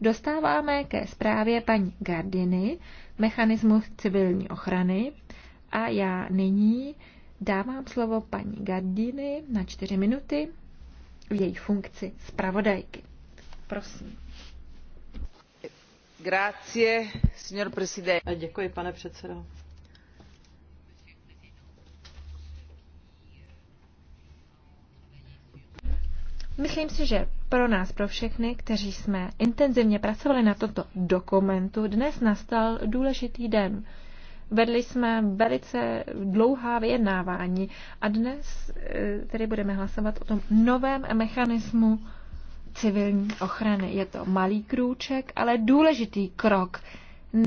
dostáváme ke zprávě paní Gardiny, mechanismus civilní ochrany a já nyní dávám slovo paní Gardiny na čtyři minuty v její funkci zpravodajky. Prosím. Grazie, signor Presidente. Děkuji, pane předsedo. Myslím si, že pro nás, pro všechny, kteří jsme intenzivně pracovali na tomto dokumentu, dnes nastal důležitý den. Vedli jsme velice dlouhá vyjednávání a dnes eh, tedy budeme hlasovat o tom novém mechanismu civilní ochrany. Je to malý krůček, ale důležitý krok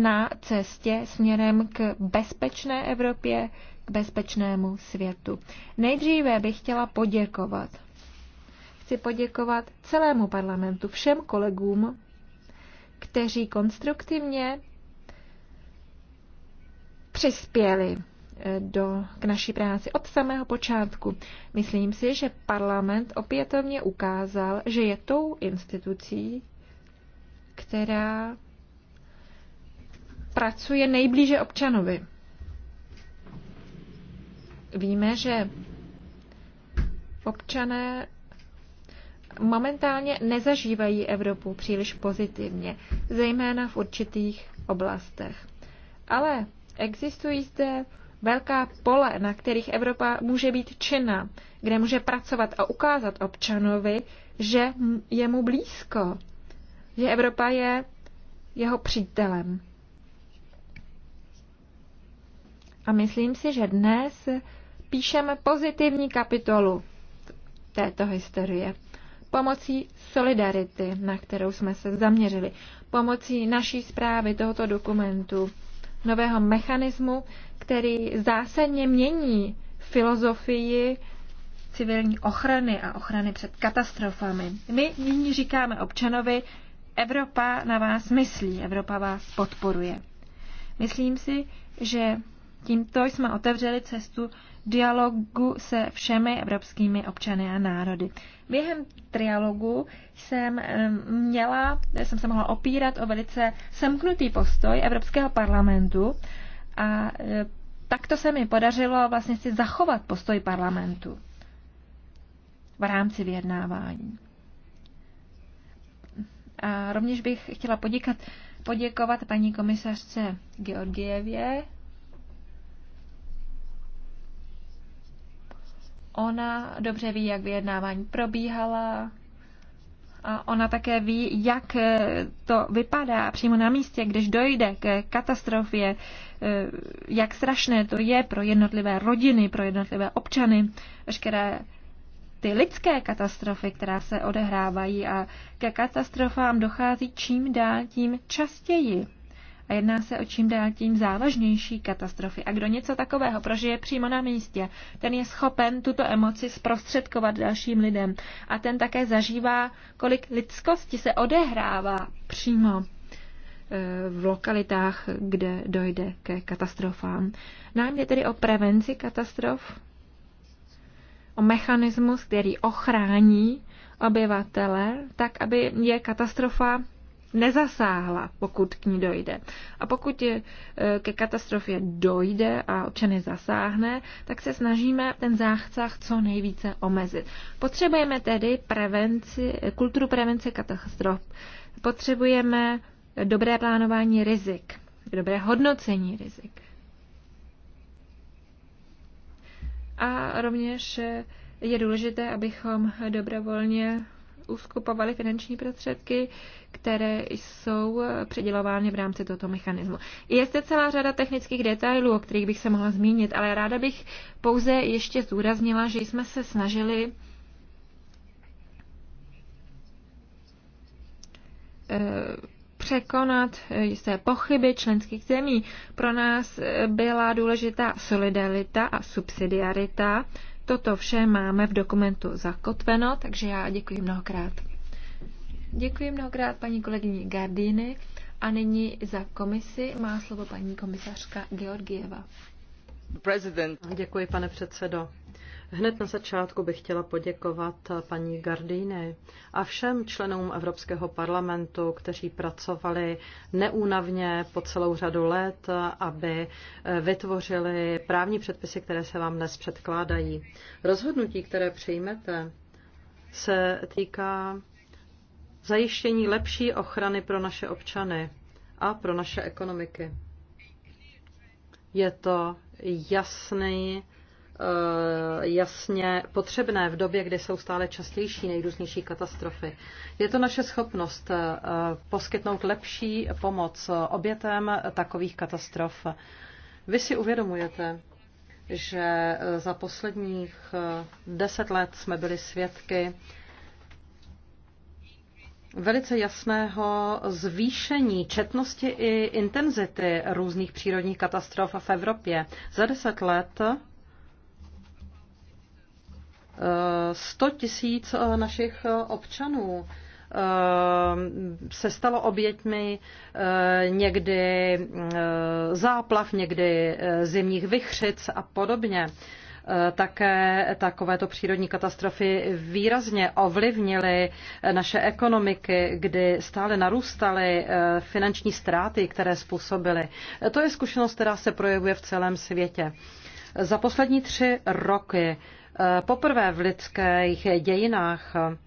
na cestě směrem k bezpečné Evropě, k bezpečnému světu. Nejdříve bych chtěla poděkovat chci poděkovat celému parlamentu, všem kolegům, kteří konstruktivně přispěli eh, do, k naší práci od samého počátku. Myslím si, že parlament opětovně ukázal, že je tou institucí, která pracuje nejblíže občanovi. Víme, že občané momentálně nezažívají Evropu příliš pozitivně, zejména v určitých oblastech. Ale existují zde velká pole, na kterých Evropa může být činná, kde může pracovat a ukázat občanovi, že je mu blízko, že Evropa je jeho přítelem. A myslím si, že dnes píšeme pozitivní kapitolu této historie pomocí solidarity, na kterou jsme se zaměřili, pomocí naší zprávy tohoto dokumentu, nového mechanismu, který zásadně mění filozofii civilní ochrany a ochrany před katastrofami. My nyní říkáme občanovi, Evropa na vás myslí, Evropa vás podporuje. Myslím si, že tímto jsme otevřeli cestu dialogu se všemi evropskými občany a národy. Během trialogu jsem měla, jsem se mohla opírat o velice semknutý postoj Evropského parlamentu a e, takto se mi podařilo vlastně si zachovat postoj parlamentu v rámci vyjednávání. A rovněž bych chtěla poděkat, poděkovat paní komisařce Georgievě Ona dobře ví, jak vyjednávání probíhala a ona také ví, jak eh, to vypadá přímo na místě, když dojde k katastrofě, eh, jak strašné to je pro jednotlivé rodiny, pro jednotlivé občany, veškeré ty lidské katastrofy, která se odehrávají a ke katastrofám dochází čím dál tím častěji. A jedná se o čím dál tím závažnější katastrofy. A kdo něco takového prožije přímo na místě, ten je schopen tuto emoci zprostředkovat dalším lidem. A ten také zažívá, kolik lidskosti se odehrává přímo e, v lokalitách, kde dojde ke katastrofám. Nám jde tedy o prevenci katastrof, o mechanismus, který ochrání obyvatele, tak aby je katastrofa nezasáhla, pokud k ní dojde. A pokud je, e, ke katastrofě dojde a občany zasáhne, tak se snažíme ten záchcach co nejvíce omezit. Potřebujeme tedy prevenci, kulturu prevence katastrof. Potřebujeme dobré plánování rizik, dobré hodnocení rizik. A rovněž je důležité, abychom dobrovolně uskupovali finanční prostředky, které jsou předělovány v rámci tohoto mechanismu. Je zde celá řada technických detailů, o kterých bych se mohla zmínit, ale ráda bych pouze ještě zdůraznila, že jsme se snažili eh, překonat eh, jisté pochyby členských zemí. Pro nás eh, byla důležitá solidarita a subsidiarita Toto vše máme v dokumentu zakotveno, takže já děkuji mnohokrát. Děkuji mnohokrát paní kolegyni Gardíny a nyní za komisi má slovo paní komisařka Georgieva. President. Děkuji, pane předsedo. Hned na začátku bych chtěla poděkovat paní Gardine a všem členům Evropského parlamentu, kteří pracovali neúnavně po celou řadu let, aby eh, vytvořili právní předpisy, které se vám dnes předkládají. Rozhodnutí, které přijmete, se týká zajištění lepší ochrany pro naše občany a pro naše ekonomiky. Je to jasný Eh, jasně potřebné v době, kdy jsou stále častější nejrůznější katastrofy. Je to naše schopnost eh, poskytnout lepší pomoc obětem takových katastrof. Vy si uvědomujete, že eh, za posledních deset let jsme byli svědky velice jasného zvýšení četnosti i intenzity různých přírodních katastrof v Evropě. Za deset let 100 tisíc eh, našich eh, občanů eh, se stalo oběťmi někdy záplav, někdy zimních vychřic a podobně. Také takovéto přírodní katastrofy výrazně ovlivnily naše ekonomiky, kdy stále narůstaly finanční ztráty, které způsobily. To je zkušenost, která se projevuje v celém světě. Za poslední tři roky eh, poprvé v lidských dějinách eh,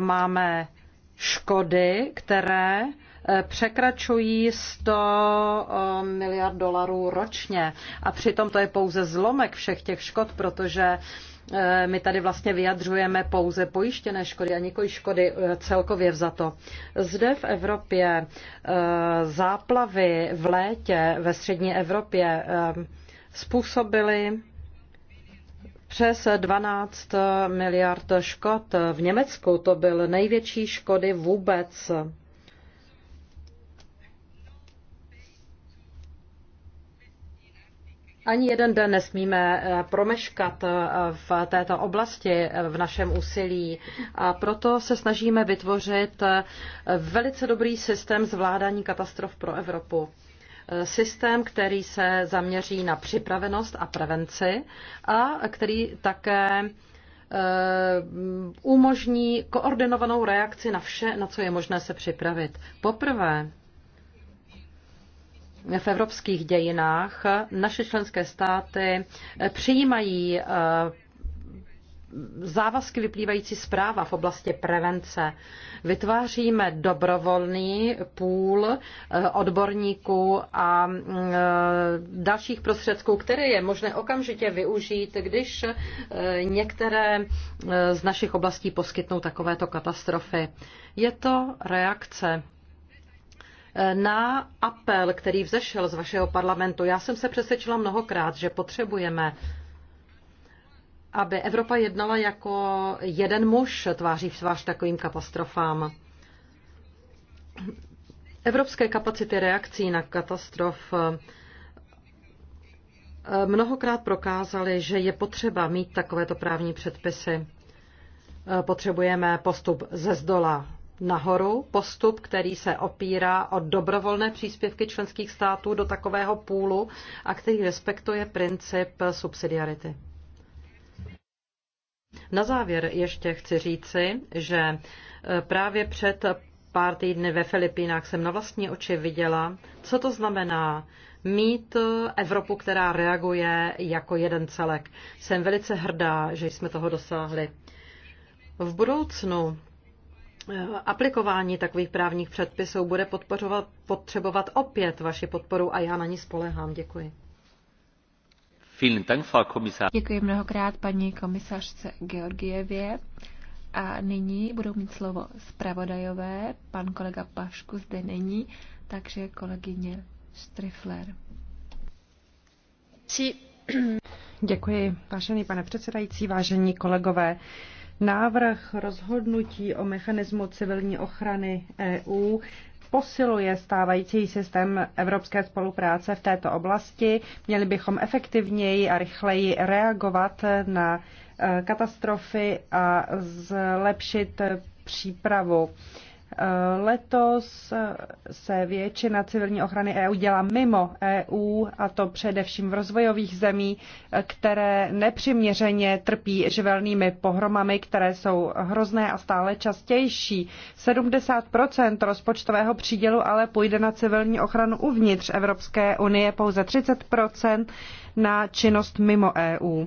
máme škody, které eh, překračují 100 miliard dolarů ročně. A přitom to je pouze zlomek všech těch škod, protože my tady vlastně vyjadřujeme pouze pojištěné škody a nikoli škody celkově vzato. Zde v Evropě záplavy v létě ve střední Evropě způsobily přes 12 miliard škod. V Německu to byl největší škody vůbec. Ani jeden den nesmíme eh, promeškat eh, v této oblasti eh, v našem úsilí a proto se snažíme vytvořit velice dobrý systém zvládání katastrof pro Evropu. Eh, systém, který se zaměří na připravenost a prevenci a který také eh, umožní koordinovanou reakci na vše, na co je možné se připravit. Poprvé v evropských dějinách naše členské státy eh, přijímají závazky vyplývající z práva v oblasti prevence. Vytváříme dobrovolný půl eh, odborníků a eh, dalších prostředků, které je možné okamžitě využít, když eh, některé z našich oblastí poskytnou takovéto katastrofy. Je to reakce na apel, který vzešel z vašeho parlamentu. Já jsem se přesvědčila mnohokrát, že potřebujeme aby Evropa jednala jako jeden muž tváří v tvář takovým katastrofám. Evropské kapacity reakcí na katastrof eh, mnohokrát prokázaly, že je potřeba mít takovéto právní předpisy. Eh, potřebujeme postup ze zdola nahoru, postup, který se opírá o dobrovolné příspěvky členských států do takového půlu a který respektuje princip subsidiarity. Na závěr ještě chci říci, že e, právě před pár týdny ve Filipínách jsem na vlastní oči viděla, co to znamená mít Evropu, která reaguje jako jeden celek. Jsem velice hrdá, že jsme toho dosáhli. V budoucnu e, aplikování takových právních předpisů bude potřebovat opět vaši podporu a já na ní spolehám. Děkuji. Děkuji mnohokrát paní komisařce Georgievě. A nyní budou mít slovo zpravodajové. Pan kolega Pašku zde není, takže kolegyně Strifler. Děkuji, vážený pane předsedající, vážení kolegové. Návrh rozhodnutí o mechanismu civilní ochrany EU posiluje stávající systém evropské spolupráce v této oblasti. Měli bychom efektivněji a rychleji reagovat na eh, katastrofy a zlepšit přípravu Letos se většina civilní ochrany EU dělá mimo EU, a to především v rozvojových zemí, které nepřiměřeně trpí živelnými pohromami, které jsou hrozné a stále častější. 70 rozpočtového přídělu ale půjde na civilní ochranu uvnitř Evropské unie, pouze 30 na činnost mimo EU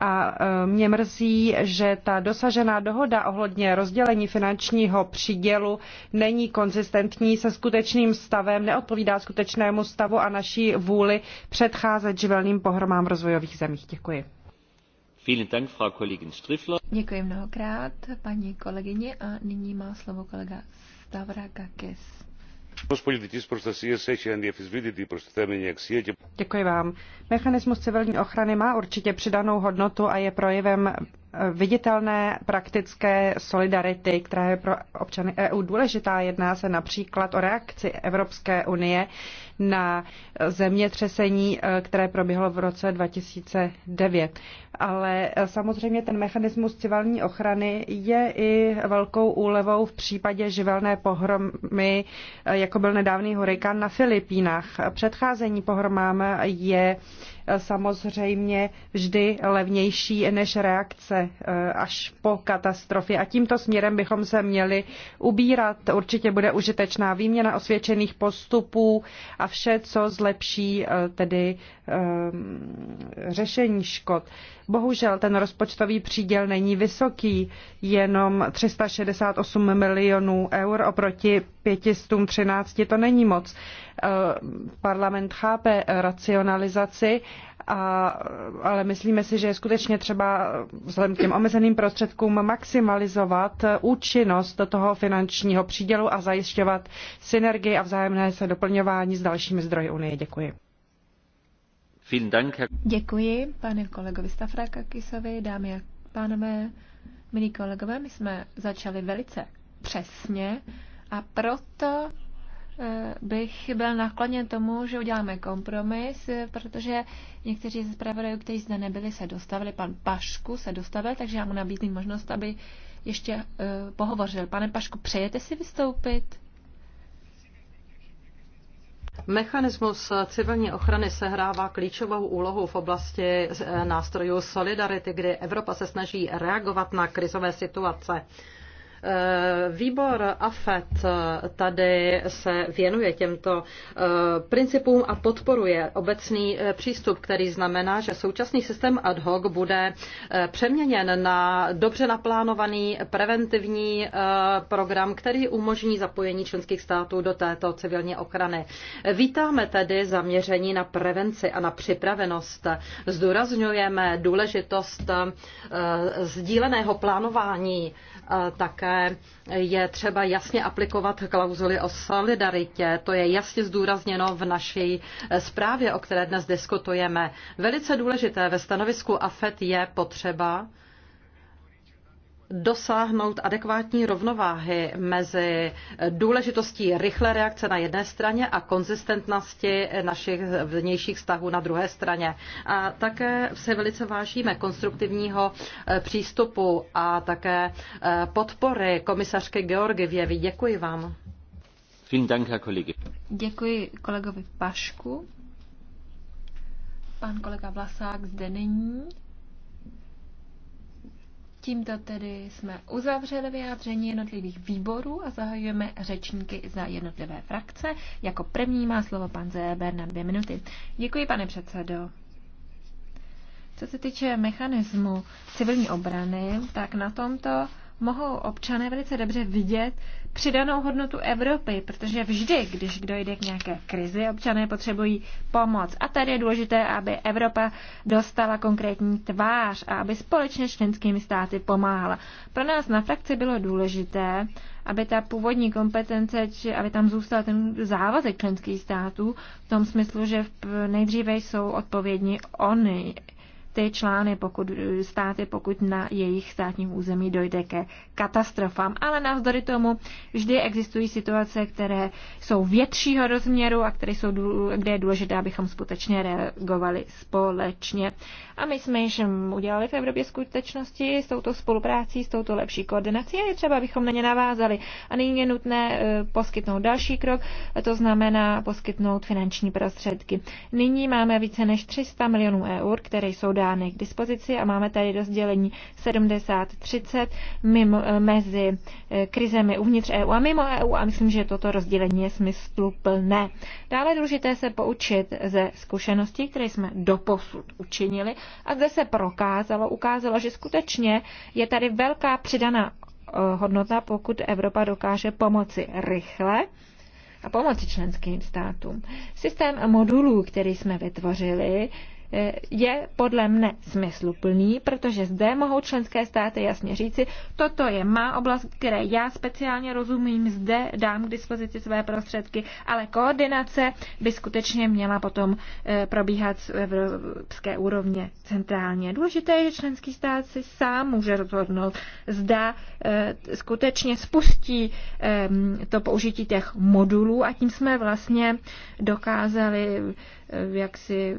a e, mě mrzí, že ta dosažená dohoda ohledně rozdělení finančního přidělu není konzistentní se skutečným stavem, neodpovídá skutečnému stavu a naší vůli předcházet živelným pohromám v rozvojových zemích. Děkuji. Děkuji mnohokrát paní kolegyně a nyní má slovo kolega Stavrakakis. Děkuji vám. Mechanismus civilní ochrany má určitě přidanou hodnotu a je projevem viditelné praktické solidarity, která je pro občany EU důležitá. Jedná se například o reakci Evropské unie na zemětřesení, eh, které proběhlo v roce 2009. Ale eh, samozřejmě ten mechanismus civilní ochrany je i velkou úlevou v případě živelné pohromy, eh, jako byl nedávný hurikán na Filipínách. Předcházení pohromám je samozřejmě vždy levnější než reakce eh, až po katastrofě. A tímto směrem bychom se měli ubírat. Určitě bude užitečná výměna osvědčených postupů a vše, co zlepší eh, tedy eh, řešení škod. Bohužel ten rozpočtový příděl není vysoký, jenom 368 milionů eur oproti 513 to není moc. Eh, parlament chápe racionalizaci, a, ale myslíme si, že je skutečně třeba eh, vzhledem k těm omezeným prostředkům maximalizovat eh, účinnost toho finančního přídělu a zajišťovat synergii a vzájemné se doplňování s dalšími zdroji Unie. Děkuji. Děkuji pane kolegovi Stafrakakisovi, dámy a pánové, milí kolegové, my jsme začali velice přesně. A proto eh, bych byl nakloněn tomu, že uděláme kompromis, eh, protože někteří ze zpravodajů, kteří zde nebyli, se dostavili, pan Pašku se dostavil, takže já mu nabídnu možnost, aby ještě eh, pohovořil. Pane Pašku, přejete si vystoupit? Mechanismus civilní ochrany sehrává klíčovou úlohu v oblasti nástrojů solidarity, kdy Evropa se snaží reagovat na krizové situace. Eh, výbor AFET eh, tady se věnuje těmto eh, principům a podporuje obecný přístup, který znamená, že současný systém ad hoc bude přeměněn na dobře naplánovaný preventivní program, který umožní zapojení členských států do této civilní ochrany. Vítáme tedy zaměření na prevenci a na připravenost. Zdůrazňujeme důležitost sdíleného plánování také je třeba jasně aplikovat klauzuly o solidaritě. To je jasně zdůrazněno v naší zprávě, o které dnes diskutujeme. Velice důležité ve stanovisku AFET je potřeba dosáhnout adekvátní rovnováhy mezi důležitostí rychlé reakce na jedné straně a konzistentnosti našich vnějších vztahů na druhé straně. A také se velice vážíme konstruktivního eh, přístupu a také eh, podpory komisařky Georgievy. Děkuji vám. Děkuji kolegovi Pašku. Pan kolega Vlasák zde není. Tímto tedy jsme uzavřeli vyjádření jednotlivých výborů a zahajujeme řečníky za jednotlivé frakce. Jako první má slovo pan Zéber na dvě minuty. Děkuji, pane předsedo. Co se týče mechanismu civilní obrany, tak na tomto mohou občané velice dobře vidět přidanou hodnotu Evropy, protože vždy, když dojde k nějaké krizi, občané potřebují pomoc. A tady je důležité, aby Evropa dostala konkrétní tvář a aby společně členskými státy pomáhala. Pro nás na frakci bylo důležité, aby ta původní kompetence, či aby tam zůstal ten závazek členských států v tom smyslu, že nejdříve jsou odpovědní oni, ty člány, pokud, státy, pokud na jejich státním území dojde ke katastrofám. Ale navzdory tomu vždy existují situace, které jsou většího rozměru a které jsou, kde je důležité, abychom skutečně reagovali společně. A my jsme již udělali v Evropě skutečnosti s touto spoluprácí, s touto lepší koordinací a je třeba, abychom na ně navázali. A nyní je nutné eh, poskytnout další krok, to znamená poskytnout finanční prostředky. Nyní máme více než 300 milionů eur, které jsou dány dány k dispozici a máme tady rozdělení 70-30 eh, mezi eh, krizemi uvnitř EU a mimo EU a myslím, že toto rozdělení je smysluplné. Dále důležité se poučit ze zkušeností, které jsme doposud učinili a kde se prokázalo, ukázalo, že skutečně je tady velká přidaná eh, hodnota, pokud Evropa dokáže pomoci rychle a pomoci členským státům. Systém modulů, který jsme vytvořili, je podle mne smysluplný, protože zde mohou členské státy jasně říci, toto je má oblast, které já speciálně rozumím, zde dám k dispozici své prostředky, ale koordinace by skutečně měla potom eh, probíhat v evropské úrovně centrálně. Důležité je, že členský stát si sám může rozhodnout, zda eh, skutečně spustí eh, to použití těch modulů a tím jsme vlastně dokázali Eh, jak si eh,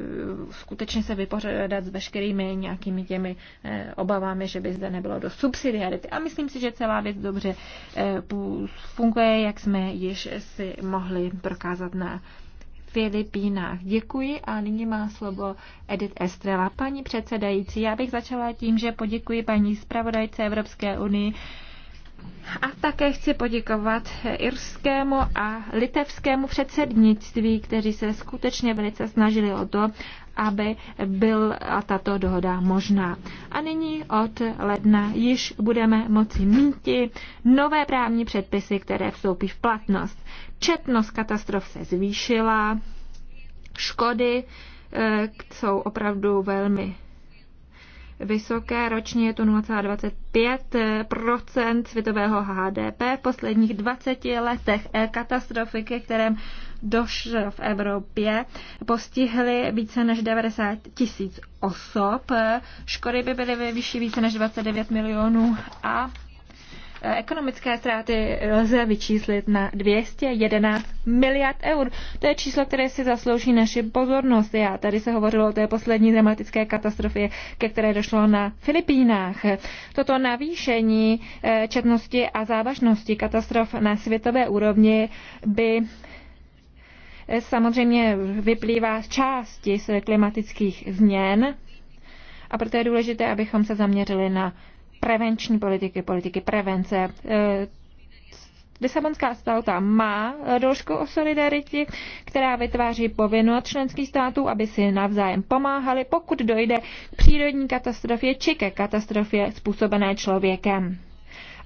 skutečně se vypořádat s veškerými nějakými těmi eh, obavami, že by zde nebylo do subsidiarity. A myslím si, že celá věc dobře funguje, jak jsme již si mohli prokázat na Filipínách. Děkuji a nyní má slovo Edith Estrela. Paní předsedající, já bych začala tím, že poděkuji paní zpravodajce Evropské unii a také chci poděkovat irskému a litevskému předsednictví, kteří se skutečně velice snažili o to, aby byl a tato dohoda možná. A nyní od ledna již budeme moci mít nové právní předpisy, které vstoupí v platnost. Četnost katastrof se zvýšila, škody eh, jsou opravdu velmi vysoké, ročně je to 0,25 světového HDP. V posledních 20 letech eh, katastrofy, ke kterém došlo v Evropě, postihly více než 90 tisíc osob. Škody by byly vyšší více než 29 milionů a Ekonomické ztráty lze vyčíslit na 211 miliard eur. To je číslo, které si zaslouží naši pozornost. Já tady se hovořilo o té poslední dramatické katastrofě, ke které došlo na Filipínách. Toto navýšení eh, četnosti a závažnosti katastrof na světové úrovni by eh, samozřejmě vyplývá z části z klimatických změn a proto je důležité, abychom se zaměřili na prevenční politiky, politiky prevence. E, Lisabonská stauta má doložku o solidaritě, která vytváří povinnost členských států, aby si navzájem pomáhali, pokud dojde k přírodní katastrofě či ke katastrofě způsobené člověkem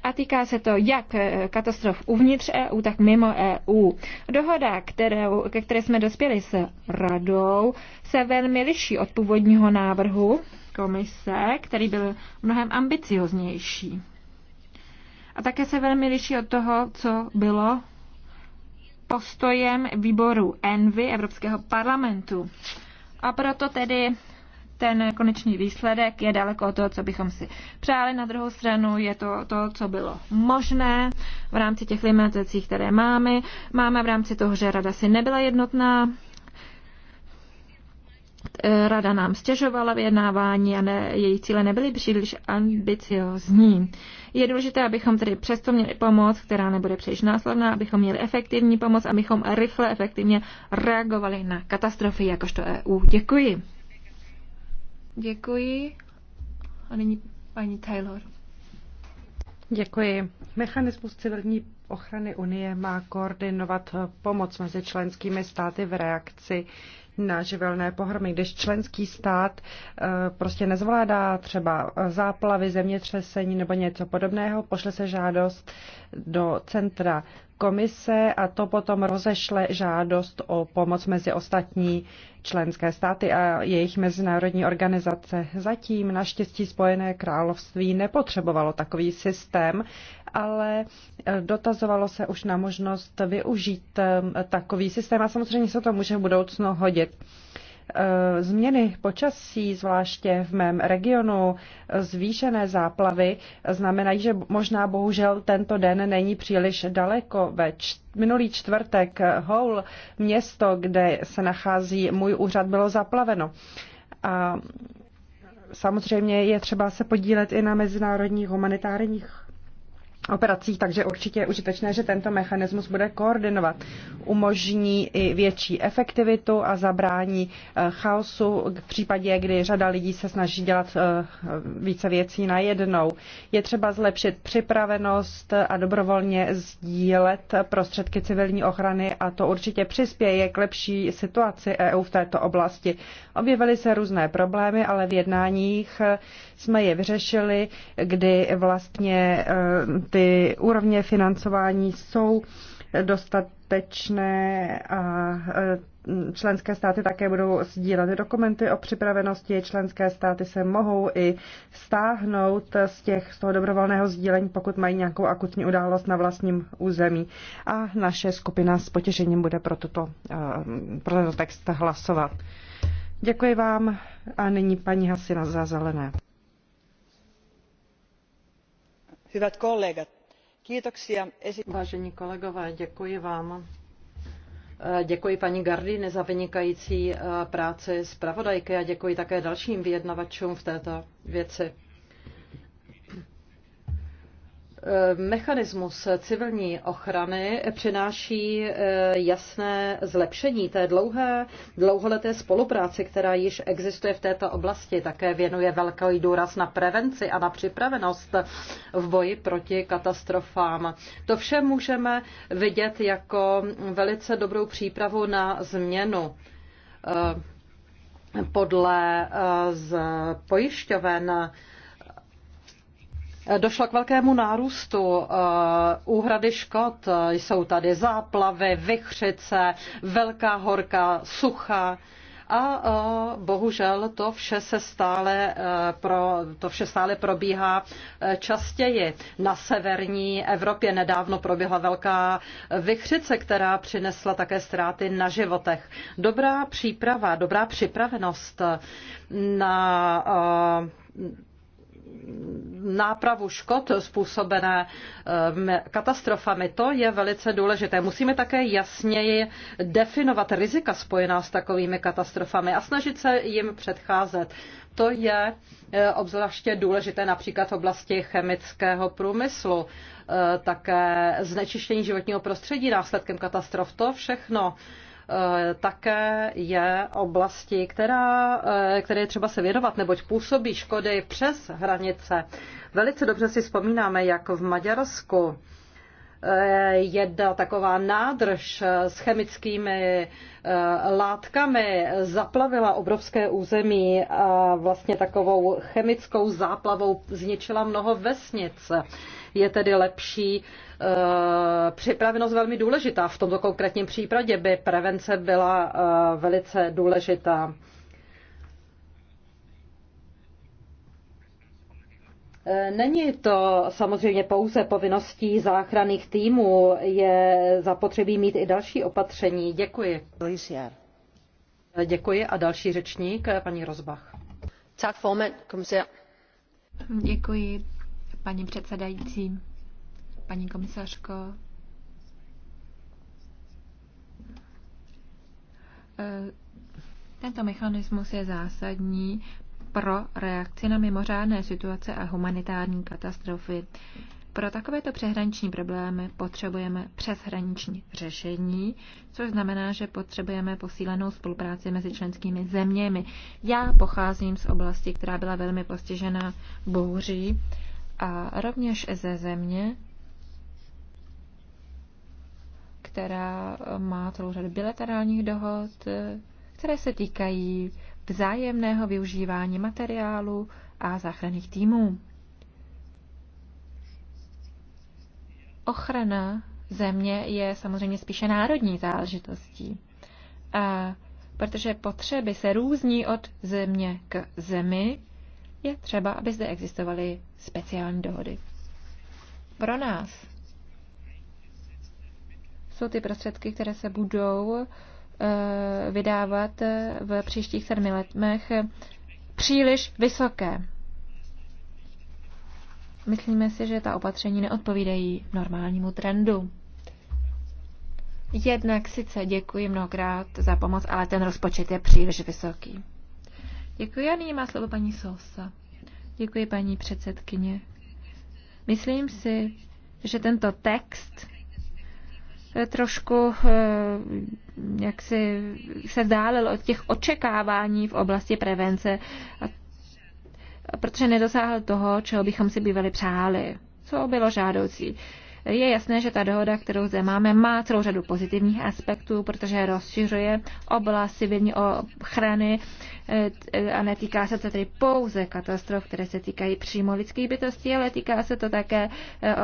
a týká se to jak e, katastrof uvnitř EU, tak mimo EU. Dohoda, kterou, ke které jsme dospěli s radou, se velmi liší od původního návrhu komise, který byl mnohem ambicioznější. A také se velmi liší od toho, co bylo postojem výboru ENVY Evropského parlamentu. A proto tedy ten konečný výsledek je daleko od toho, co bychom si přáli. Na druhou stranu je to to, co bylo možné v rámci těch limitací, které máme. Máme v rámci toho, že rada si nebyla jednotná, Eh, rada nám stěžovala vyjednávání a ne, její cíle nebyly příliš ambiciozní. Je důležité, abychom tedy přesto měli pomoc, která nebude příliš následná, abychom měli efektivní pomoc, abychom rychle, efektivně reagovali na katastrofy jakožto EU. Děkuji. Děkuji. A nyní paní Taylor. Děkuji. Mechanismus civilní ochrany Unie má koordinovat eh, pomoc mezi členskými státy v reakci na živelné pohromy, když členský stát eh, prostě nezvládá třeba eh, záplavy, zemětřesení nebo něco podobného, pošle se žádost do centra komise a to potom rozešle žádost o pomoc mezi ostatní členské státy a jejich mezinárodní organizace. Zatím naštěstí Spojené království nepotřebovalo takový systém, ale eh, dotazovalo se už na možnost využít eh, takový systém a samozřejmě se to může v budoucnu hodit. Eh, změny počasí, zvláště v mém regionu, zvýšené záplavy znamenají, že možná bohužel tento den není příliš daleko. Ve čt- minulý čtvrtek Houl, město, kde se nachází můj úřad, bylo zaplaveno. A samozřejmě je třeba se podílet i na mezinárodních humanitárních operacích, takže určitě je užitečné, že tento mechanismus bude koordinovat. Umožní i větší efektivitu a zabrání eh, chaosu v případě, kdy řada lidí se snaží dělat eh, více věcí najednou. Je třeba zlepšit připravenost a dobrovolně sdílet prostředky civilní ochrany a to určitě přispěje k lepší situaci EU v této oblasti. Objevily se různé problémy, ale v jednáních eh, jsme je vyřešili, kdy vlastně eh, ty úrovně financování jsou dostatečné a eh, členské státy také budou sdílet dokumenty o připravenosti. Členské státy se mohou i stáhnout z, těch, z toho dobrovolného sdílení, pokud mají nějakou akutní událost na vlastním území. A naše skupina s potěšením bude pro, tuto, pro tento text hlasovat. Děkuji vám a nyní paní Hasina za zelené. Hyvät kollegat, kiitoksia. Vážení kolegové, děkuji vám. Eh, děkuji paní Gardine za vynikající eh, práci zpravodajky a děkuji také dalším vyjednavačům v této věci. Eh, mechanismus civilní ochrany přináší eh, jasné zlepšení té dlouhé, dlouholeté spolupráci, která již existuje v této oblasti. Také věnuje velký důraz na prevenci a na připravenost v boji proti katastrofám. To vše můžeme vidět jako velice dobrou přípravu na změnu eh, podle z pojišťoven Došlo k velkému nárůstu eh, úhrady škod. Jsou tady záplavy, vychřice, velká horka, sucha a eh, bohužel to vše se stále, eh, pro, to vše stále probíhá častěji. Na severní Evropě nedávno proběhla velká vychřice, která přinesla také ztráty na životech. Dobrá příprava, dobrá připravenost na nápravu škod způsobené eh, katastrofami. To je velice důležité. Musíme také jasněji definovat rizika spojená s takovými katastrofami a snažit se jim předcházet. To je eh, obzvláště důležité například v oblasti chemického průmyslu, eh, také znečištění životního prostředí následkem katastrof. To všechno Eh, také je oblasti, která, eh, které je třeba se věnovat, neboť působí škody přes hranice. Velice dobře si vzpomínáme, jak v Maďarsku jedna taková nádrž s chemickými eh, látkami zaplavila obrovské území a vlastně takovou chemickou záplavou zničila mnoho vesnic. Je tedy lepší eh, připravenost velmi důležitá. V tomto konkrétním případě by prevence byla eh, velice důležitá. Není to samozřejmě pouze povinností záchranných týmů, je zapotřebí mít i další opatření. Děkuji. Děkuji a další řečník, paní Rozbach. Tak, formen, komisar. Děkuji, paní předsedající, paní komisařko. Eh, tento mechanismus je zásadní pro reakci na mimořádné situace a humanitární katastrofy. Pro takovéto přehraniční problémy potřebujeme přeshraniční řešení, což znamená, že potřebujeme posílenou spolupráci mezi členskými zeměmi. Já pocházím z oblasti, která byla velmi postižena bouří a rovněž ze země, která má celou řadu bilaterálních dohod, které se týkají vzájemného využívání materiálu a záchranných týmů. Ochrana země je samozřejmě spíše národní záležitostí, a protože potřeby se různí od země k zemi, je třeba, aby zde existovaly speciální dohody. Pro nás jsou ty prostředky, které se budou Eh, vydávat eh, v příštích sedmi letech eh, příliš vysoké. Myslíme si, že ta opatření neodpovídají normálnímu trendu. Jednak sice děkuji mnohokrát za pomoc, ale ten rozpočet je příliš vysoký. Děkuji a nyní má slovo paní Sousa. Děkuji paní předsedkyně. Myslím si, že tento text trošku eh, jak si se vzdálil od těch očekávání v oblasti prevence, protože nedosáhl toho, čeho bychom si bývali přáli, co bylo žádoucí. Je jasné, že ta dohoda, kterou zde máme, má celou řadu pozitivních aspektů, protože rozšiřuje oblast civilní ochrany eh, a netýká se to tedy pouze katastrof, které se týkají přímo lidských bytostí, ale týká se to také eh,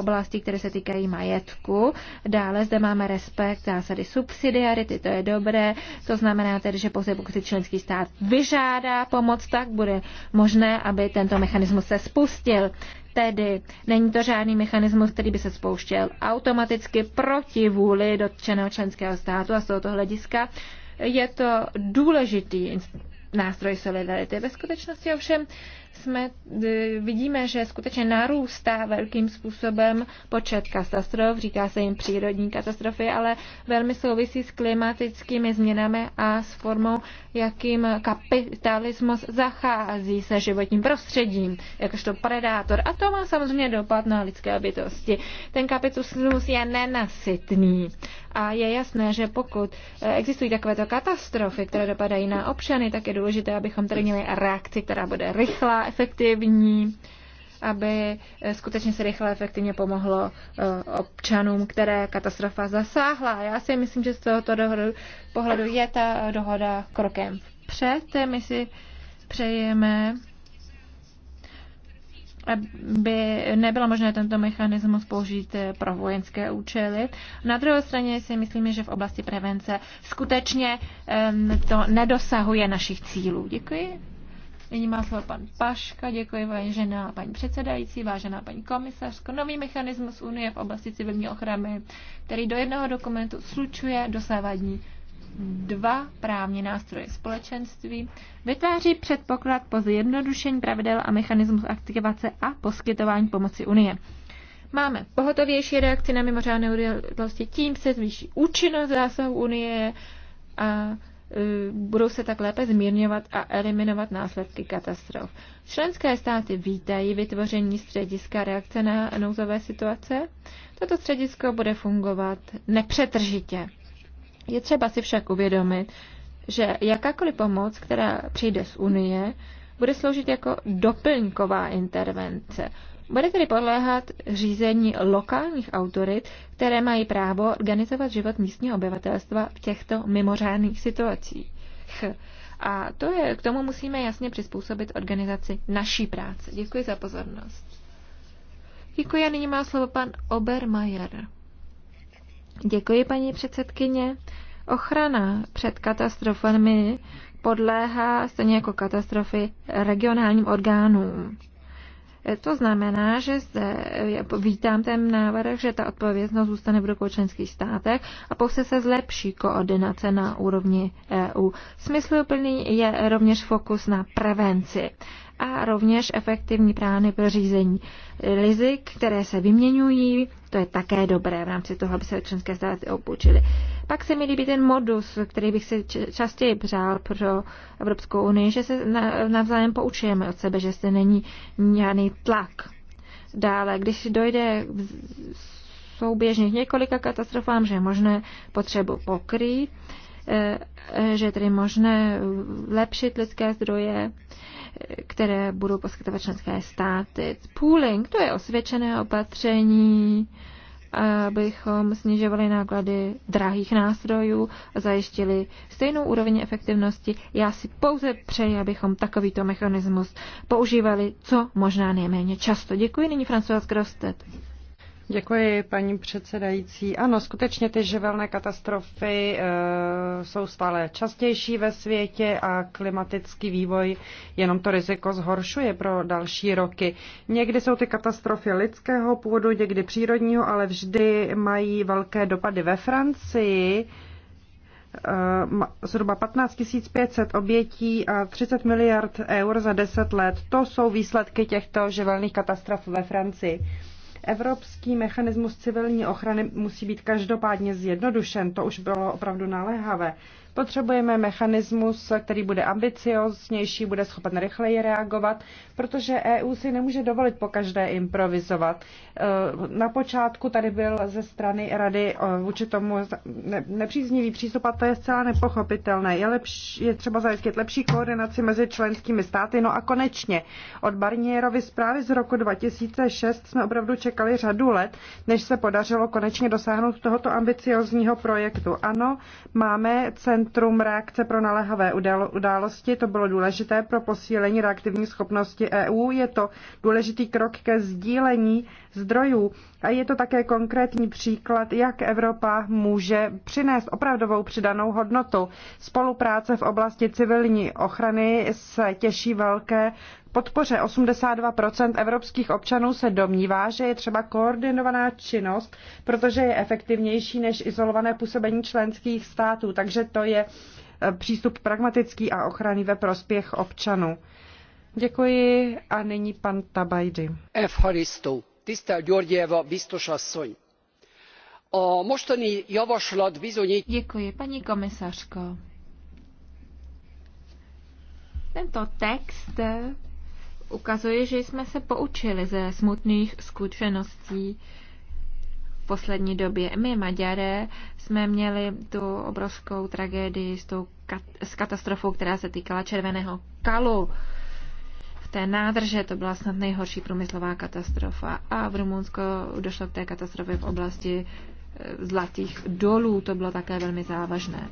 oblasti, které se týkají majetku. Dále zde máme respekt zásady subsidiarity, to je dobré. To znamená tedy, že pouze pokud si členský stát vyžádá pomoc, tak bude možné, aby tento mechanismus se spustil. Tedy není to žádný mechanismus, který by se spouštěl automaticky proti vůli dotčeného členského státu a z tohoto hlediska je to důležitý nástroj solidarity. Ve skutečnosti ovšem jsme, e, vidíme, že skutečně narůstá velkým způsobem počet katastrof, říká se jim přírodní katastrofy, ale velmi souvisí s klimatickými změnami a s formou, jakým kapitalismus zachází se životním prostředím, jakožto predátor. A to má samozřejmě dopad na lidské bytosti. Ten kapitalismus je nenasytný. A je jasné, že pokud existují takovéto katastrofy, které dopadají na občany, tak je důležité, abychom tady měli reakci, která bude rychlá, efektivní, aby skutečně se rychle efektivně pomohlo eh, občanům, které katastrofa zasáhla. Já si myslím, že z tohoto dohodu, pohledu je ta dohoda krokem vpřed. My si přejeme, aby nebylo možné tento mechanismus použít pro vojenské účely. Na druhé straně si myslíme, že v oblasti prevence skutečně to nedosahuje našich cílů. Děkuji. Nyní má slovo pan Paška. Děkuji, vážená paní předsedající, vážená paní komisařko. Nový mechanismus Unie v oblasti civilní ochrany, který do jednoho dokumentu slučuje dosávadní dva právní nástroje společenství, vytváří předpoklad po zjednodušení pravidel a mechanismus aktivace a poskytování pomoci Unie. Máme pohotovější reakci na mimořádné události, tím se zvýší účinnost zásahu Unie a Eh, budou se tak lépe zmírňovat a eliminovat následky katastrof. Členské státy vítají vytvoření střediska reakce na nouzové situace. Toto středisko bude fungovat nepřetržitě. Je třeba si však uvědomit, že jakákoliv pomoc, která přijde z Unie, bude sloužit jako doplňková intervence. Bude tedy podléhat řízení lokálních autorit, které mají právo organizovat život místního obyvatelstva v těchto mimořádných situacích. A to je, k tomu musíme jasně přizpůsobit organizaci naší práce. Děkuji za pozornost. Děkuji a nyní má slovo pan Obermajer. Děkuji, paní předsedkyně. Ochrana před katastrofami podléhá stejně jako katastrofy regionálním orgánům. To znamená, že zde vítám ten návrh, že ta odpovědnost zůstane v rukou členských státech a pouze se zlepší koordinace na úrovni EU. Smysluplný je rovněž fokus na prevenci a rovněž efektivní plány pro řízení rizik, které se vyměňují. To je také dobré v rámci toho, aby se členské státy opučily. Pak se mi líbí ten modus, který bych si častěji přál pro Evropskou unii, že se navzájem poučujeme od sebe, že se není žádný tlak. Dále, když dojde souběžně k několika katastrofám, že je možné potřebu pokrýt, e, e, že je tedy možné lepšit lidské zdroje, které budou poskytovat členské státy. Pooling, to je osvědčené opatření, abychom snižovali náklady drahých nástrojů a zajištili stejnou úroveň efektivnosti. Já si pouze přeji, abychom takovýto mechanismus používali co možná nejméně často. Děkuji nyní François Grostet. Děkuji, paní předsedající. Ano, skutečně ty živelné katastrofy e, jsou stále častější ve světě a klimatický vývoj jenom to riziko zhoršuje pro další roky. Někdy jsou ty katastrofy lidského původu, někdy přírodního, ale vždy mají velké dopady ve Francii. Eh, zhruba 15 500 obětí a 30 miliard eur za 10 let. To jsou výsledky těchto živelných katastrof ve Francii. Evropský mechanismus civilní ochrany musí být každopádně zjednodušen, to už bylo opravdu naléhavé. Potřebujeme mechanismus, který bude ambicioznější, bude schopen rychleji reagovat, protože EU si nemůže dovolit po každé improvizovat. Eh, na počátku tady byl ze strany Rady eh, vůči tomu nepříznivý přístup a to je zcela nepochopitelné. Je, lepší, je třeba zajistit lepší koordinaci mezi členskými státy. No a konečně od Barnierovy zprávy z roku 2006 jsme opravdu čekali řadu let, než se podařilo konečně dosáhnout tohoto ambiciozního projektu. Ano, máme cen Centrum reakce pro naléhavé události. To bylo důležité pro posílení reaktivní schopnosti EU. Je to důležitý krok ke sdílení zdrojů a je to také konkrétní příklad, jak Evropa může přinést opravdovou přidanou hodnotu. Spolupráce v oblasti civilní ochrany se těší velké podpoře 82 evropských občanů se domnívá, že je třeba koordinovaná činnost, protože je efektivnější než izolované působení členských států. Takže to je eh, přístup pragmatický a ochranný ve prospěch občanů. Děkuji a nyní pan Tabajdi. F. Haristo, tisztelt Györgyeva biztos asszony. A mostani javaslat bizonyít... Děkuji, paní komisařko. Tento text ukazuje, že jsme se poučili ze smutných zkušeností v poslední době. My, Maďaré, jsme měli tu obrovskou tragédii s, tou kat- s katastrofou, která se týkala červeného kalu. V té nádrže to byla snad nejhorší průmyslová katastrofa. A v Rumunsku došlo k té katastrofě v oblasti e, zlatých dolů. To bylo také velmi závažné.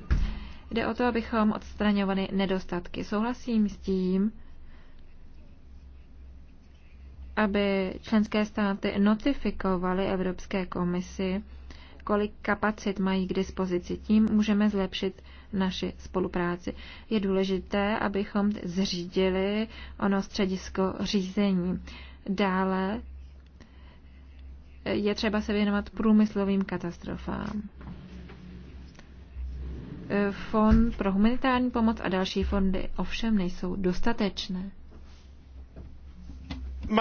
Jde o to, abychom odstraňovali nedostatky. Souhlasím s tím, aby členské státy notifikovaly Evropské komisi, kolik kapacit mají k dispozici. Tím můžeme zlepšit naši spolupráci. Je důležité, abychom zřídili ono středisko řízení. Dále je třeba se věnovat průmyslovým katastrofám. Fond pro humanitární pomoc a další fondy ovšem nejsou dostatečné. Uh,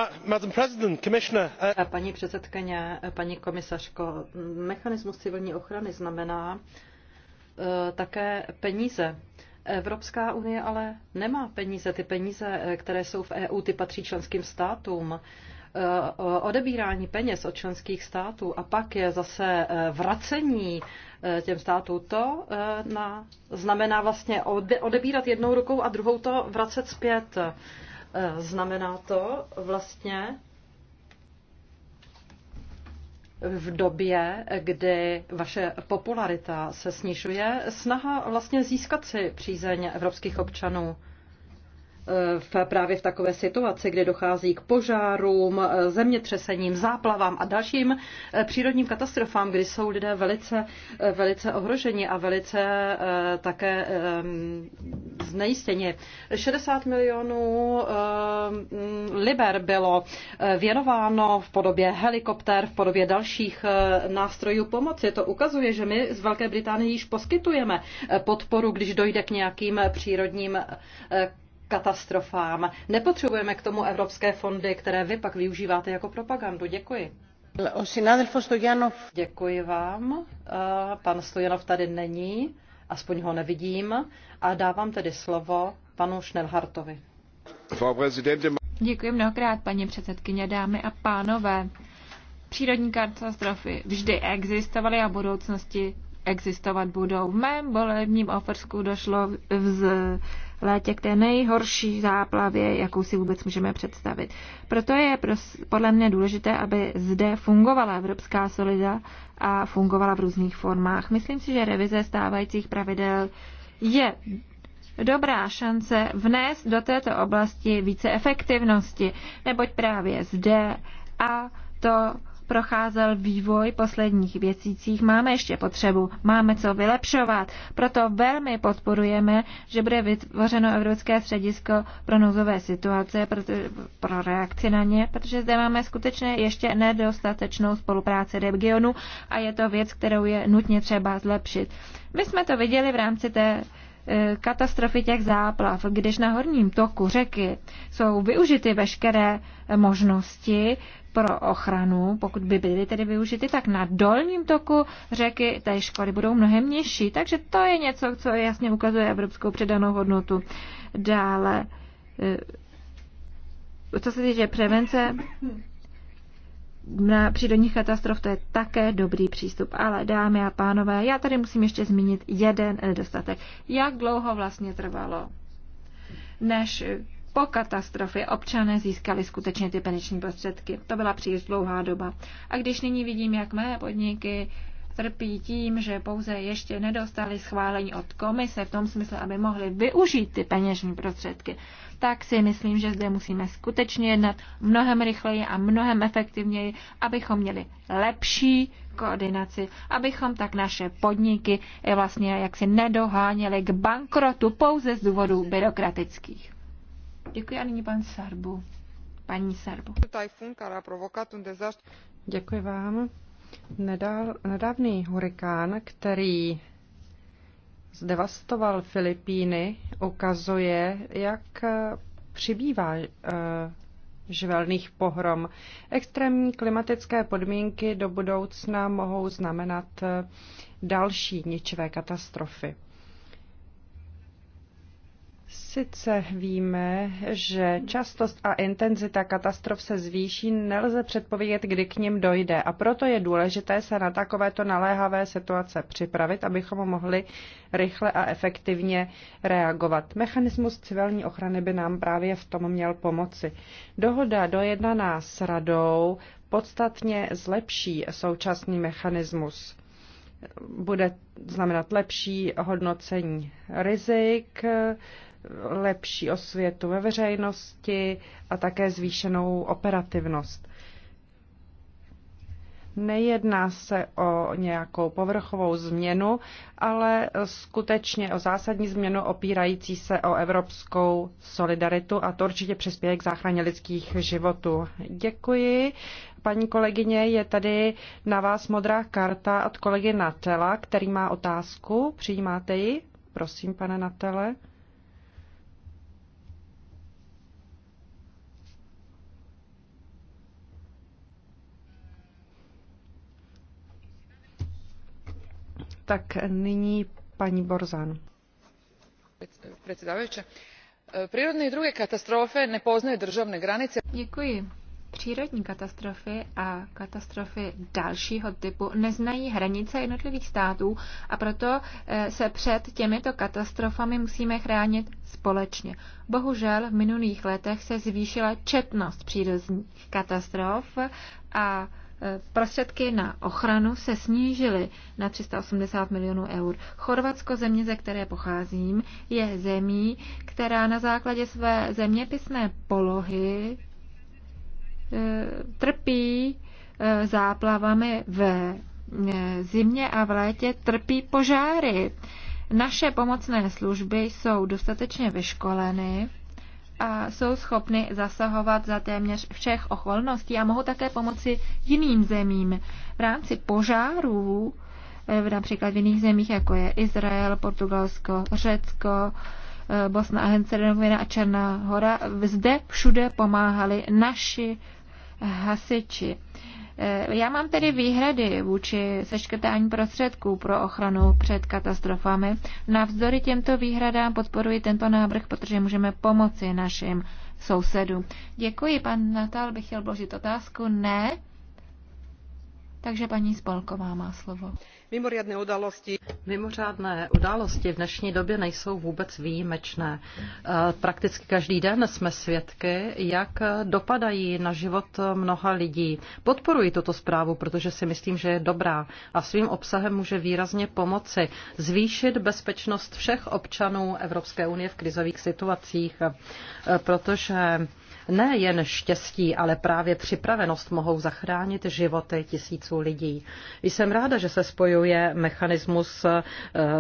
eh, paní předsedkyně, eh, paní komisařko, mechanismus civilní ochrany znamená eh, také peníze. Evropská unie ale nemá peníze. Ty peníze, které jsou v EU, ty patří členským státům. Odebírání peněz od členských států a pak je zase vracení těm státům, to znamená vlastně odebírat jednou rukou a druhou to vracet zpět. Eh, znamená to vlastně v době, kdy vaše popularita se snižuje, snaha vlastně získat si přízeň evropských občanů v, právě v takové situaci, kdy dochází k požárům, eh, zemětřesením, záplavám a dalším eh, přírodním katastrofám, kdy jsou lidé velice, eh, velice ohroženi a velice také znejistěni. 60 milionů liber bylo věnováno v podobě helikopter, v podobě dalších nástrojů pomoci. To ukazuje, že my z Velké Británie již poskytujeme podporu, když dojde k nějakým přírodním katastrofám. Nepotřebujeme k tomu evropské fondy, které vy pak využíváte jako propagandu. Děkuji. Děkuji vám. Pan Stojanov tady není, aspoň ho nevidím. A dávám tedy slovo panu Šnelhartovi. Děkuji mnohokrát, paní předsedkyně, dámy a pánové. Přírodní katastrofy vždy existovaly a v budoucnosti existovat budou. V mém volebním ofersku došlo vz, létě k té nejhorší záplavě, jakou si vůbec můžeme představit. Proto je podle mě důležité, aby zde fungovala evropská solida a fungovala v různých formách. Myslím si, že revize stávajících pravidel je dobrá šance vnést do této oblasti více efektivnosti, neboť právě zde a to procházel vývoj posledních věcících, máme ještě potřebu, máme co vylepšovat. Proto velmi podporujeme, že bude vytvořeno Evropské středisko pro nouzové situace, pro, pro reakci na ně, protože zde máme skutečně ještě nedostatečnou spolupráci regionu a je to věc, kterou je nutně třeba zlepšit. My jsme to viděli v rámci té E, katastrofy těch záplav, když na horním toku řeky jsou využity veškeré možnosti pro ochranu, pokud by byly tedy využity, tak na dolním toku řeky té škody budou mnohem nižší. Takže to je něco, co jasně ukazuje evropskou předanou hodnotu. Dále, e, co se týče prevence, na přírodních katastrof to je také dobrý přístup. Ale dámy a pánové, já tady musím ještě zmínit jeden nedostatek. Eh, jak dlouho vlastně trvalo, než po katastrofě občané získali skutečně ty peneční prostředky. To byla příliš dlouhá doba. A když nyní vidím, jak mé podniky trpí tím, že pouze ještě nedostali schválení od komise v tom smyslu, aby mohli využít ty peněžní prostředky, tak si myslím, že zde musíme skutečně jednat mnohem rychleji a mnohem efektivněji, abychom měli lepší koordinaci, abychom tak naše podniky vlastně jaksi nedoháněli k bankrotu pouze z důvodů byrokratických. Děkuji a nyní pan Sarbu. Paní Sarbu. Děkuji vám. Nedávný hurikán, který zdevastoval Filipíny, ukazuje, jak eh, přibývá eh, živelných pohrom. Extrémní klimatické podmínky do budoucna mohou znamenat eh, další ničivé katastrofy. Sice víme, že častost a intenzita katastrof se zvýší, nelze předpovědět, kdy k ním dojde a proto je důležité se na takovéto naléhavé situace připravit, abychom mohli rychle a efektivně reagovat. Mechanismus civilní ochrany by nám právě v tom měl pomoci. Dohoda dojednaná s radou podstatně zlepší současný mechanismus bude znamenat lepší hodnocení rizik, lepší osvětu ve veřejnosti a také zvýšenou operativnost. Nejedná se o nějakou povrchovou změnu, ale skutečně o zásadní změnu opírající se o evropskou solidaritu a to určitě přispěje k záchraně lidských životů. Děkuji. Paní kolegyně, je tady na vás modrá karta od kolegy Natela, který má otázku. Přijímáte ji? Prosím, pane Natele. Tak nyní paní Borzan. Předsedající, přírodní druhé katastrofy nepoznají državné granice. Děkuji. Přírodní katastrofy a katastrofy dalšího typu neznají hranice jednotlivých států a proto eh, se před těmito katastrofami musíme chránit společně. Bohužel v minulých letech se zvýšila četnost přírodních katastrof a prostředky na ochranu se snížily na 380 milionů eur. Chorvatsko, země, ze které pocházím, je zemí, která na základě své zeměpisné polohy eh, trpí eh, záplavami ve eh, zimě a v létě trpí požáry. Naše pomocné služby jsou dostatečně vyškoleny a jsou schopny zasahovat za téměř všech okolností a mohou také pomoci jiným zemím. V rámci požárů, eh, například v jiných zemích, jako je Izrael, Portugalsko, Řecko, eh, Bosna a Hercegovina a Černá hora, zde všude pomáhali naši hasiči. Eh, já mám tedy výhrady vůči seškrtání prostředků pro ochranu před katastrofami. Navzdory těmto výhradám podporuji tento návrh, protože můžeme pomoci našim sousedům. Děkuji, pan Natal bych chtěl vložit otázku. Ne. Takže paní Spolková má slovo. Mimořádné události. Mimořádné události v dnešní době nejsou vůbec výjimečné. Eh, prakticky každý den jsme svědky, jak dopadají na život mnoha lidí. Podporuji tuto zprávu, protože si myslím, že je dobrá a svým obsahem může výrazně pomoci zvýšit bezpečnost všech občanů Evropské unie v krizových situacích, eh, protože ne jen štěstí, ale právě připravenost mohou zachránit životy tisíců lidí. Jsem ráda, že se spojuje mechanismus eh,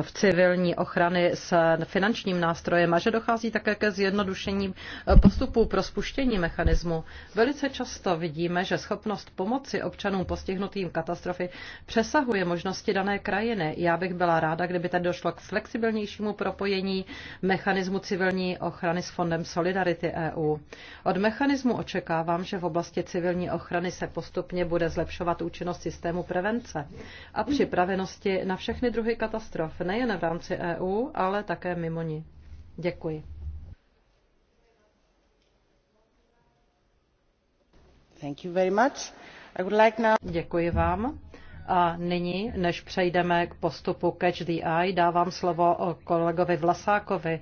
v civilní ochrany s finančním nástrojem a že dochází také ke zjednodušení eh, postupů pro spuštění mechanismu. Velice často vidíme, že schopnost pomoci občanům postihnutým katastrofy přesahuje možnosti dané krajiny. Já bych byla ráda, kdyby tady došlo k flexibilnějšímu propojení mechanismu civilní ochrany s Fondem Solidarity EU. Od od mechanismu očekávám, že v oblasti civilní ochrany se postupně bude zlepšovat účinnost systému prevence a připravenosti na všechny druhy katastrof, nejen v rámci EU, ale také mimo ní. Děkuji. Thank you very much. I would like now... Děkuji vám. A nyní, než přejdeme k postupu Catch the Eye, dávám slovo kolegovi Vlasákovi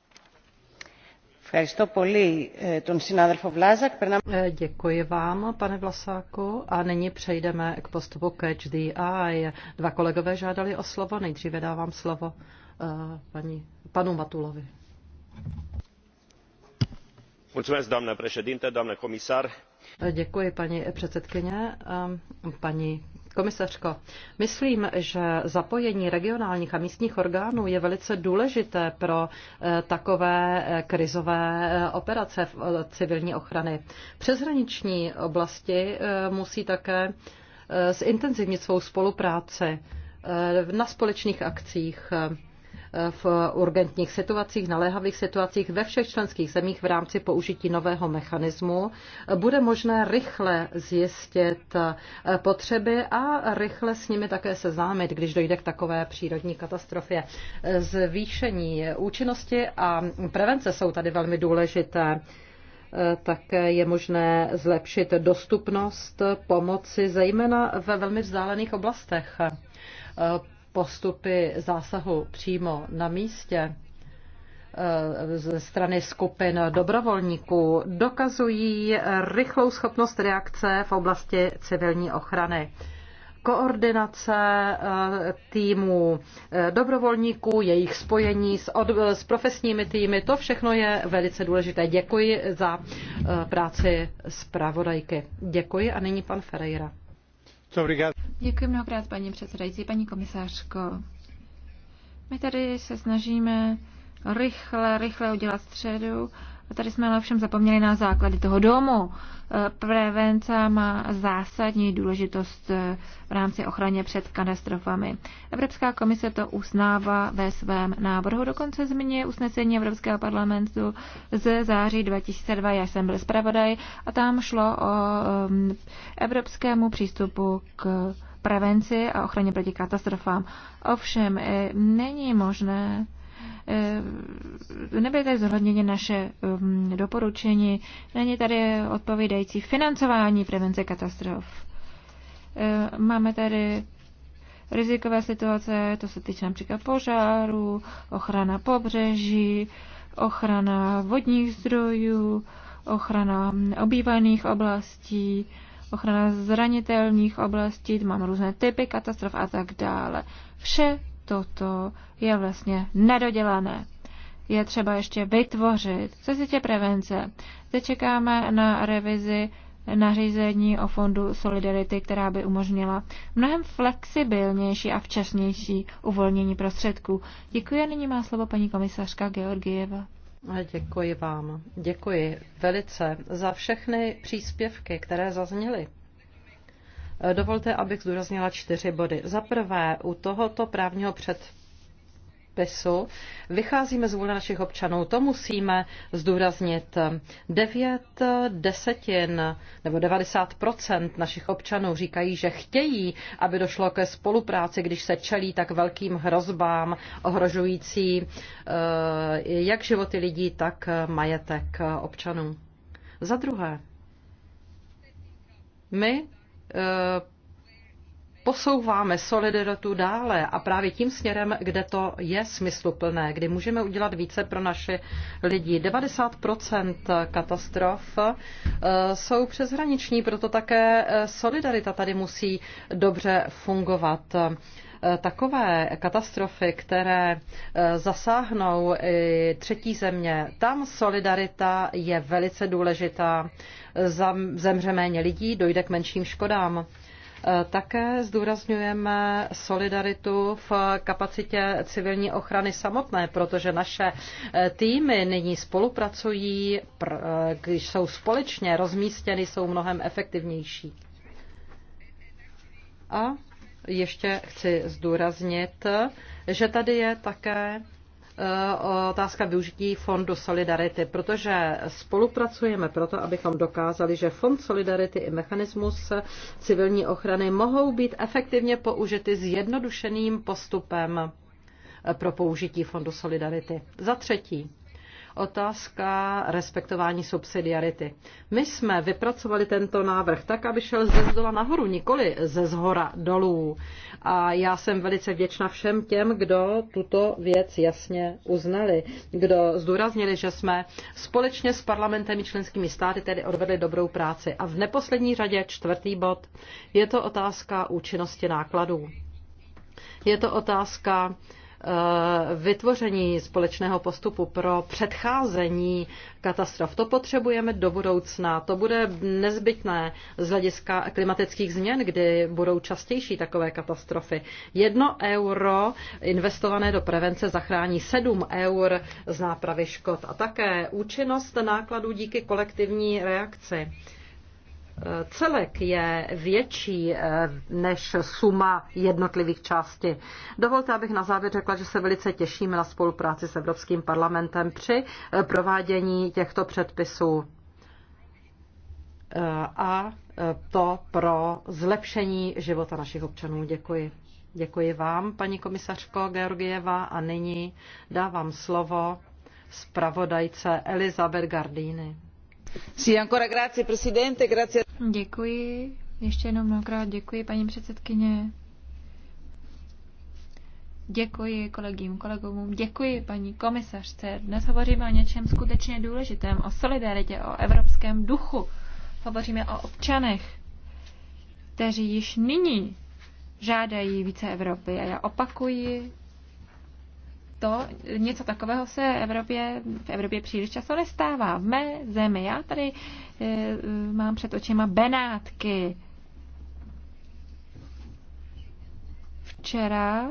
Děkuji vám, pane Vlasáku. A nyní přejdeme k postupu Catch the Eye. Dva kolegové žádali o slovo. Nejdříve dávám slovo e, paní, panu Matulovi. E, děkuji, paní předsedkyně, e, paní komisařko, myslím, že zapojení regionálních a místních orgánů je velice důležité pro eh, takové eh, krizové eh, operace civilní ochrany. Přeshraniční oblasti musí také zintenzivnit svou spolupráci na společných akcích v urgentních situacích, naléhavých situacích ve všech členských zemích v rámci použití nového mechanismu bude možné rychle zjistit potřeby a rychle s nimi také seznámit, když dojde k takové přírodní katastrofě. Zvýšení účinnosti a prevence jsou tady velmi důležité Tak je možné zlepšit dostupnost pomoci, zejména ve velmi vzdálených oblastech postupy zásahu přímo na místě eh, ze strany skupin dobrovolníků dokazují rychlou schopnost reakce v oblasti civilní ochrany koordinace eh, týmů eh, dobrovolníků, jejich spojení s, od, s profesními týmy, to všechno je velice důležité. Děkuji za práci zpravodajky. Děkuji a nyní pan Ferreira. Děkuji mnohokrát, paní předsedající, paní komisářko. My tady se snažíme rychle, rychle udělat středu a tady jsme ale všem zapomněli na základy toho domu. E, prevence má zásadní důležitost e, v rámci ochraně před katastrofami. Evropská komise to uznává ve svém návrhu. Dokonce zmiňuje usnesení Evropského parlamentu z září 2002. Já jsem byl zpravodaj a tam šlo o um, evropskému přístupu k prevenci a ochraně proti katastrofám. Ovšem, e, není možné Eh, nebyly tady zohledněny naše um, doporučení, není tady odpovídající financování prevence katastrof. Eh, máme tady rizikové situace, to se týče například požáru, ochrana pobřeží, ochrana vodních zdrojů, ochrana obývaných oblastí, ochrana zranitelných oblastí, mám různé typy katastrof a tak dále. Vše toto je vlastně nedodělané. Je třeba ještě vytvořit. Co se tě prevence? Teď čekáme na revizi nařízení o fondu Solidarity, která by umožnila mnohem flexibilnější a včasnější uvolnění prostředků. Děkuji a nyní má slovo paní komisařka Georgieva. Děkuji vám. Děkuji velice za všechny příspěvky, které zazněly. Dovolte, abych zdůraznila čtyři body. Za prvé, u tohoto právního předpisu vycházíme z vůle našich občanů. To musíme zdůraznit. Devět desetin nebo 90 našich občanů říkají, že chtějí, aby došlo ke spolupráci, když se čelí tak velkým hrozbám ohrožující eh, jak životy lidí, tak majetek občanů. Za druhé, my uh, posouváme solidaritu dále a právě tím směrem, kde to je smysluplné, kdy můžeme udělat více pro naše lidi. 90% katastrof eh, jsou přeshraniční, proto také eh, solidarita tady musí dobře fungovat eh, takové katastrofy, které zasáhnou třetí země, tam solidarita je velice důležitá. Zemře méně lidí, dojde k menším škodám. Eh, také zdůrazňujeme solidaritu v kapacitě civilní ochrany samotné, protože naše eh, týmy nyní spolupracují, eh, když jsou společně rozmístěny, jsou mnohem efektivnější. A ještě chci zdůraznit, že tady je také Eh, otázka využití Fondu Solidarity, protože spolupracujeme proto, abychom dokázali, že Fond Solidarity i mechanismus civilní ochrany mohou být efektivně použity zjednodušeným postupem eh, pro použití Fondu Solidarity. Za třetí, Otázka respektování subsidiarity. My jsme vypracovali tento návrh tak, aby šel ze zdola nahoru, nikoli ze zhora dolů. A já jsem velice vděčna všem těm, kdo tuto věc jasně uznali, kdo zdůraznili, že jsme společně s parlamentem i členskými státy tedy odvedli dobrou práci. A v neposlední řadě čtvrtý bod je to otázka účinnosti nákladů. Je to otázka Eh, vytvoření společného postupu pro předcházení katastrof. To potřebujeme do budoucna. To bude nezbytné z hlediska klimatických změn, kdy budou častější takové katastrofy. Jedno euro investované do prevence zachrání sedm eur z nápravy škod a také účinnost nákladů díky kolektivní reakci celek je větší eh, než suma jednotlivých částí. Dovolte, abych na závěr řekla, že se velice těšíme na spolupráci s Evropským parlamentem při eh, provádění těchto předpisů eh, a to pro zlepšení života našich občanů. Děkuji. Děkuji vám, paní komisařko Georgieva, a nyní dávám slovo zpravodajce Elizabeth Gardini. Děkuji. Ještě jednou mnohokrát děkuji, paní předsedkyně. Děkuji kolegům, kolegům, děkuji paní komisařce. Dnes hovoříme o něčem skutečně důležitém, o solidaritě, o evropském duchu. Hovoříme o občanech, kteří již nyní žádají více Evropy. A já opakuji to, něco takového se Evropě, v Evropě příliš často nestává. V mé zemi, já tady e, mám před očima Benátky. Včera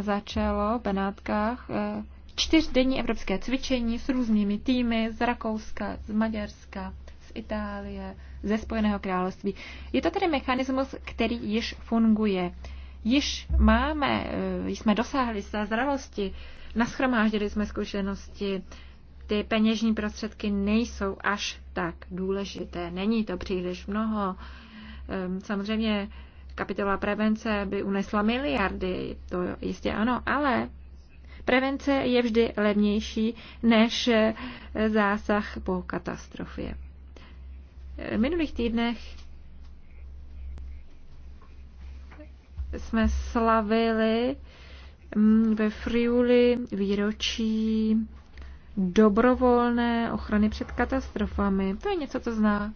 začalo v Benátkách e, čtyřdenní evropské cvičení s různými týmy z Rakouska, z Maďarska, z Itálie, ze Spojeného království. Je to tedy mechanismus, který již funguje již máme, eh, jsme dosáhli své zdravosti, naschromáždili jsme zkušenosti, ty peněžní prostředky nejsou až tak důležité. Není to příliš mnoho. Ehm, samozřejmě kapitola prevence by unesla miliardy, to jistě ano, ale prevence je vždy levnější než eh, zásah po katastrofě. V minulých týdnech jsme slavili mm, ve Friuli výročí dobrovolné ochrany před katastrofami. To je něco, co zná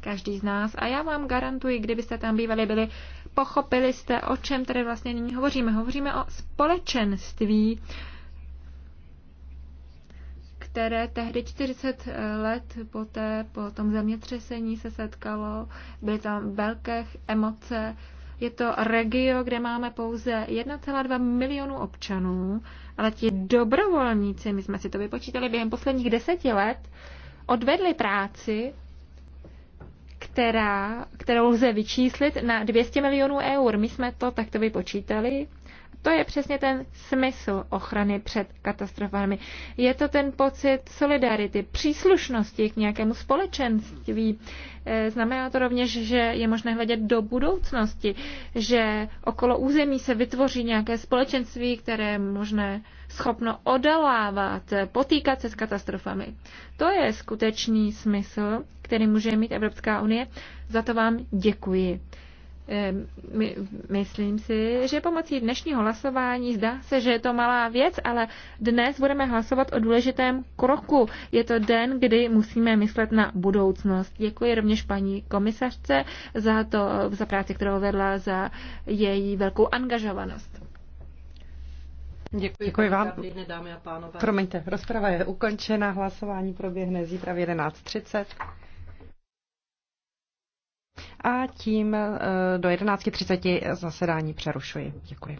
každý z nás. A já vám garantuji, kdybyste tam bývali byli, pochopili jste, o čem tady vlastně nyní hovoříme. Hovoříme o společenství, které tehdy 40 let poté, po tom zemětřesení se setkalo. Byly tam velké emoce, je to regio, kde máme pouze 1,2 milionu občanů, ale ti dobrovolníci, my jsme si to vypočítali během posledních deseti let, odvedli práci, která, kterou lze vyčíslit na 200 milionů eur. My jsme to takto vypočítali to je přesně ten smysl ochrany před katastrofami. Je to ten pocit solidarity, příslušnosti k nějakému společenství. Eh, znamená to rovněž, že je možné hledět do budoucnosti, že okolo území se vytvoří nějaké společenství, které je možné schopno odalávat, potýkat se s katastrofami. To je skutečný smysl, který může mít Evropská unie. Za to vám děkuji my, myslím si, že pomocí dnešního hlasování zdá se, že je to malá věc, ale dnes budeme hlasovat o důležitém kroku. Je to den, kdy musíme myslet na budoucnost. Děkuji rovněž paní komisařce za to, za práci, kterou vedla, za její velkou angažovanost. Děkuji, Děkuji vám. Dámy a pánové. Promiňte, rozprava je ukončena, hlasování proběhne zítra v 11.30. A tím eh, do 11.30 zasedání přerušuji. Děkuji.